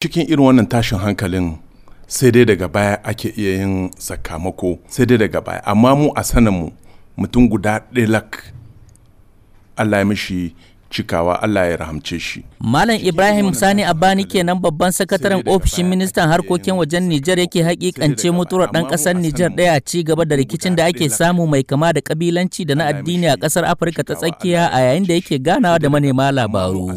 cikin irin wannan tashin hankalin sai dai daga baya ake iya yin sakamako sai dai daga baya amma mu a sanin mu mutum guda ɗaya lak Allah ya mishi cikawa Allah ya rahamce shi. Malam Ibrahim Sani Abani kenan babban sakataren ofishin ministan harkokin wajen Nijar yake hakikance mutuwar dan kasar Nijar daya ci gaba da rikicin da ake samu mai kama da kabilanci da na addini a kasar Afirka ta tsakiya a yayin da yake ganawa da manema labaru.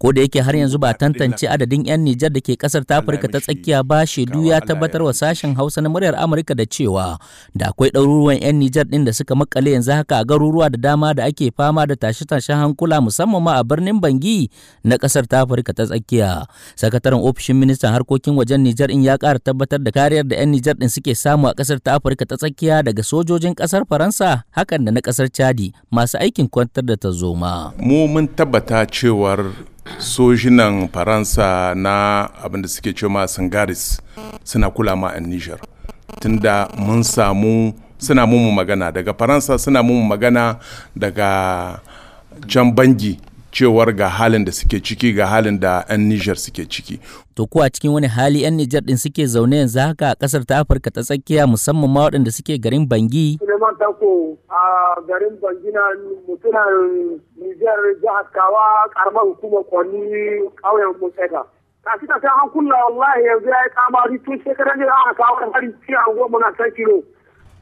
Ko da yake har yanzu ba tantance adadin 'yan Nijar da ke kasar ta Afirka ta tsakiya ba shedu ya tabbatar wa sashen Hausa na muryar Amurka da cewa da akwai ɗaruruwan 'yan Nijar ɗin da suka makale yanzu haka a garuruwa da dama da ake fama da tashe-tashen hankula musamman musamman ma a birnin Bangi na kasar ta Afirka ta tsakiya. Sakataren ofishin ministan harkokin wajen Nijar in ya kara tabbatar da kariyar da 'yan Nijar din suke samu a kasar ta Afirka ta tsakiya daga sojojin kasar Faransa hakan da na kasar Chadi masu aikin kwantar da tarzoma. Mu mun tabbata cewar sojinan Faransa na abin da suke cewa Sangaris suna kula ma a Nijar. Tunda mun samu suna mumu magana daga faransa suna mumu magana daga can bangi cewar ga halin da suke ciki ga halin da 'yan Nijar suke ciki. To ko a cikin wani hali 'yan Nijar din suke zaune yanzu haka a kasar ta Afirka ta tsakiya musamman ma waɗanda suke garin Bangi. Suleiman Tanko a garin Bangi na mutunan Nijar jihar Kawa karamar hukumar Kwani ƙauyen Ka Kashi ta sai an kulla wallahi yanzu ya yi kamari tun shekaran da aka kawo hari cikin goma na san kilo.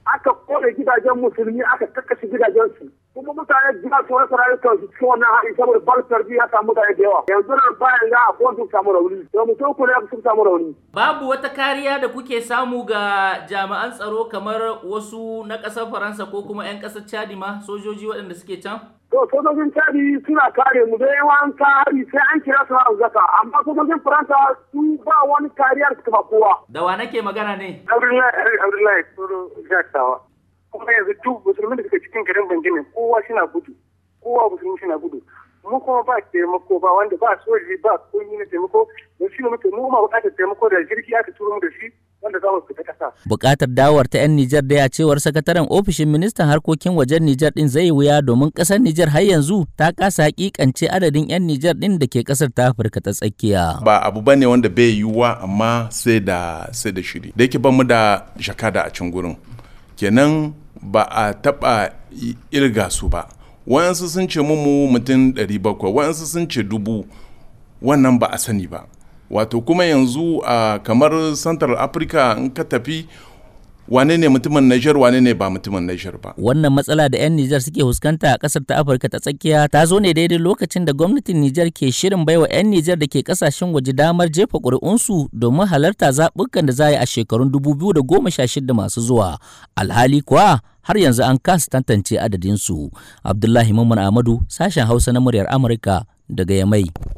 Aka kone gidajen musulmi aka kakkashi gidajen su. kuma mutane jiya su rasa rayukan su cikin wannan hali saboda bar sarbi ya samu mutane da yawa yanzu nan bayan ga ko sun samu rauni da mutum ku ne sun samu rauni. babu wata kariya da kuke samu ga jami'an tsaro kamar wasu na ƙasar faransa ko kuma 'yan ƙasar chadi ma sojoji waɗanda suke can. to sojojin chadi suna kare mu da yawa an ka sai an kira su an zaka amma sojojin faransa su ba wani kariyar su ba kowa. da wa nake magana ne. abdullahi abdullahi kuma yanzu duk musulmi da suka cikin garin bangin kowa suna gudu kowa musulmi suna gudu mu kuma ba taimako ba wanda ba soji ba kunyi na taimako da shi mutum mu ma bukatar taimako da jirgi aka turo mu da shi wanda za mu fita kasa. Bukatar dawowar ta 'yan Nijar da ya cewar sakataren ofishin ministan harkokin wajen Nijar din zai wuya domin kasar Nijar har yanzu ta kasa hakikance adadin 'yan Nijar din da ke kasar ta Afirka ta tsakiya. Ba abu ba ne wanda bai yiwuwa amma sai da sai da shiri. Da yake ban mu da shakada a can gurin. Kenan ba a taɓa irga su ba wayansu sun ce mu mutum 700 wayansu sun ce dubu wannan ba a sani ba wato kuma yanzu a kamar central africa in ka tafi wane ne mutumin Niger wane ne ba mutumin Niger ba. Wannan matsala da 'yan Niger suke huskanta a ƙasar ta Afirka ta tsakiya ta zo ne daidai lokacin da gwamnatin Niger ke shirin baiwa 'yan Niger da ke ƙasashen waje damar jefa ƙuri'unsu domin halarta zaɓukan da za a shekarun shida masu zuwa. Alhali kuwa har yanzu an kasa tantance adadinsu. Abdullahi Mamman Ahmadu sashen Hausa na muryar Amurka daga Yamai.